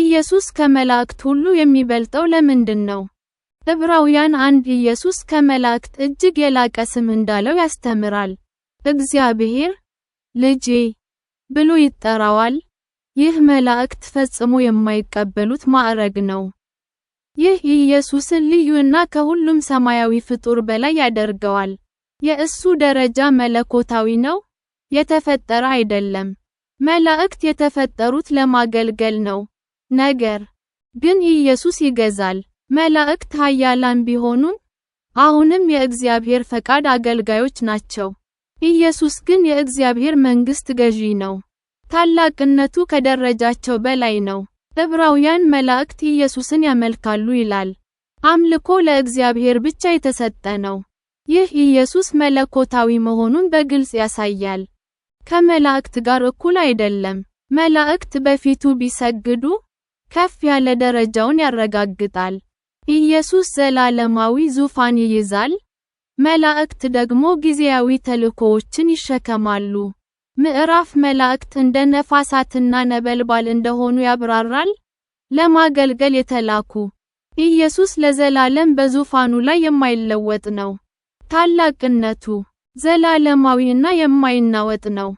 ኢየሱስ ከመላእክት ሁሉ የሚበልጠው ለምንድን ነው? ዕብራውያን አንድ ኢየሱስ ከመላእክት እጅግ የላቀ ስም እንዳለው ያስተምራል። እግዚአብሔር ልጄ ብሎ ይጠራዋል። ይህ መላእክት ፈጽሞ የማይቀበሉት ማዕረግ ነው። ይህ ኢየሱስን እና ከሁሉም ሰማያዊ ፍጡር በላይ ያደርገዋል። የእሱ ደረጃ መለኮታዊ ነው፣ የተፈጠረ አይደለም። መላእክት የተፈጠሩት ለማገልገል ነው። ነገር ግን ኢየሱስ ይገዛል። መላእክት ኃያላን ቢሆኑም አሁንም የእግዚአብሔር ፈቃድ አገልጋዮች ናቸው። ኢየሱስ ግን የእግዚአብሔር መንግሥት ገዢ ነው። ታላቅነቱ ከደረጃቸው በላይ ነው። ዕብራውያን መላእክት ኢየሱስን ያመልካሉ ይላል። አምልኮ ለእግዚአብሔር ብቻ የተሰጠ ነው። ይህ ኢየሱስ መለኮታዊ መሆኑን በግልጽ ያሳያል። ከመላእክት ጋር እኩል አይደለም። መላእክት በፊቱ ቢሰግዱ ከፍ ያለ ደረጃውን ያረጋግጣል። ኢየሱስ ዘላለማዊ ዙፋን ይይዛል፣ መላእክት ደግሞ ጊዜያዊ ተልእኮዎችን ይሸከማሉ። ምዕራፍ መላእክት እንደ ነፋሳትና ነበልባል እንደሆኑ ያብራራል፣ ለማገልገል የተላኩ። ኢየሱስ ለዘላለም በዙፋኑ ላይ የማይለወጥ ነው። ታላቅነቱ ዘላለማዊና የማይናወጥ ነው።